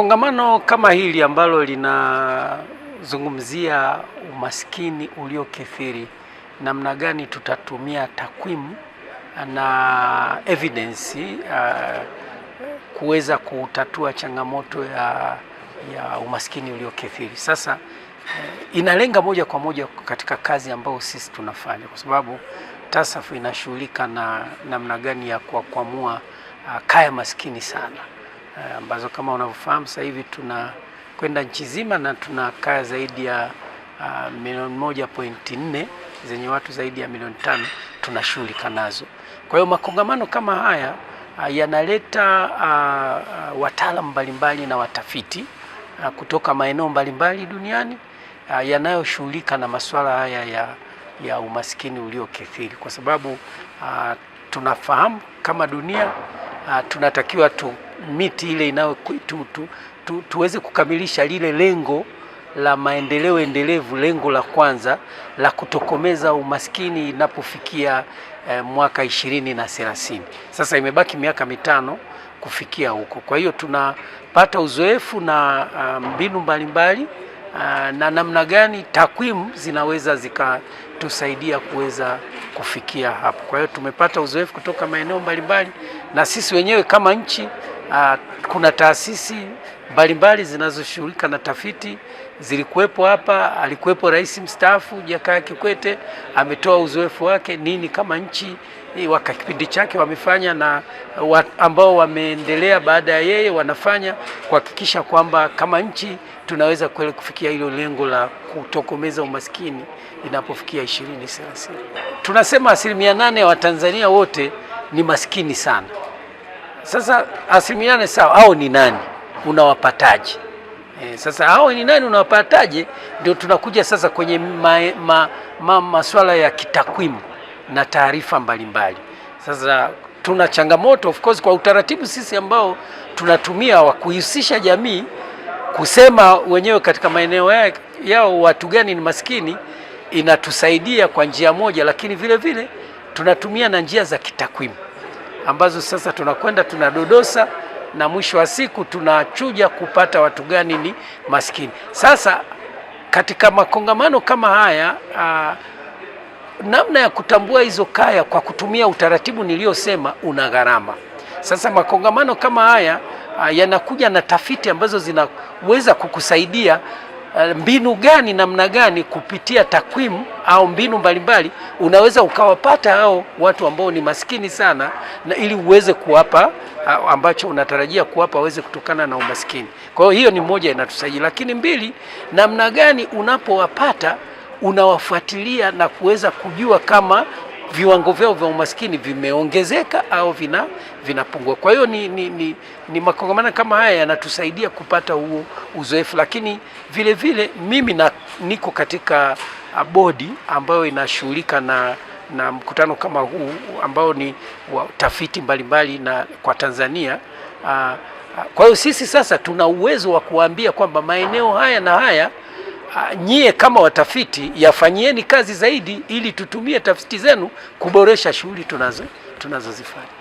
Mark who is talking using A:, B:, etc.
A: Kongamano kama hili ambalo linazungumzia umaskini uliokithiri, namna gani tutatumia takwimu na evidence uh, kuweza kutatua changamoto ya, ya umaskini uliokithiri. Sasa uh, inalenga moja kwa moja katika kazi ambayo sisi tunafanya, kwa sababu TASAF inashughulika na namna gani ya kuwakwamua uh, kaya maskini sana Eh, ambazo kama unavyofahamu sasa hivi tunakwenda nchi zima na tunakaa zaidi ya uh, milioni moja pointi nne zenye watu zaidi ya milioni tano tunashughulika nazo. Kwa hiyo makongamano kama haya uh, yanaleta uh, uh, wataalamu mbalimbali na watafiti uh, kutoka maeneo mbalimbali duniani uh, yanayoshughulika na masuala haya ya, ya umaskini uliokithiri kwa sababu uh, tunafahamu kama dunia uh, tunatakiwa tu miti ile inayo tu, tu, tu, tuweze kukamilisha lile lengo la maendeleo endelevu, lengo la kwanza la kutokomeza umaskini inapofikia eh, mwaka ishirini na thelathini. Sasa imebaki miaka mitano kufikia huko. Kwa hiyo tunapata uzoefu na ah, mbinu mbalimbali uh, na namna gani takwimu zinaweza zikatusaidia kuweza kufikia hapo. Kwa hiyo tumepata uzoefu kutoka maeneo mbalimbali na sisi wenyewe kama nchi a, ah, kuna taasisi mbalimbali zinazoshughulika na tafiti zilikuwepo hapa. Alikuwepo rais mstaafu Jakaya Kikwete, ametoa uzoefu wake nini kama nchi eh, waka kipindi chake wamefanya na wa, ambao wameendelea baada ya yeye wanafanya kuhakikisha kwamba kama nchi tunaweza kweli kufikia hilo lengo la kutokomeza umaskini inapofikia 2030. Tunasema asilimia nane ya Watanzania wote ni maskini sana. Sasa asilimiane sawa, au ni nani, unawapataje? E, sasa hao ni nani, unawapataje? Ndio tunakuja sasa kwenye ma, ma, ma, maswala ya kitakwimu na taarifa mbalimbali. Sasa tuna changamoto of course, kwa utaratibu sisi ambao tunatumia wa kuhusisha jamii kusema wenyewe katika maeneo yao watu gani ni maskini, inatusaidia kwa njia moja, lakini vile vile tunatumia na njia za kitakwimu ambazo sasa tunakwenda tunadodosa na mwisho wa siku tunachuja kupata watu gani ni maskini. Sasa katika makongamano kama haya a, namna ya kutambua hizo kaya kwa kutumia utaratibu niliyosema una gharama. Sasa makongamano kama haya yanakuja na tafiti ambazo zinaweza kukusaidia Eh, mbinu gani, namna gani, kupitia takwimu au mbinu mbalimbali unaweza ukawapata hao watu ambao ni maskini sana, na ili uweze kuwapa ah, ambacho unatarajia kuwapa waweze kutokana na umaskini. Kwa hiyo hiyo ni moja inatusaidia, lakini mbili, namna gani unapowapata unawafuatilia na kuweza kujua kama viwango vyao vya umaskini vimeongezeka au vina vinapungua. Kwa hiyo ni, ni, ni, ni makongamano kama haya yanatusaidia kupata huo uzoefu, lakini vile vile mimi na, niko katika uh, bodi ambayo inashughulika na na mkutano kama huu ambao ni wa tafiti mbalimbali na kwa Tanzania. Uh, uh, kwa hiyo sisi sasa tuna uwezo wa kuambia kwamba maeneo haya na haya Ah, nyie kama watafiti yafanyieni kazi zaidi, ili tutumie tafiti zenu kuboresha shughuli tunazo tunazozifanya.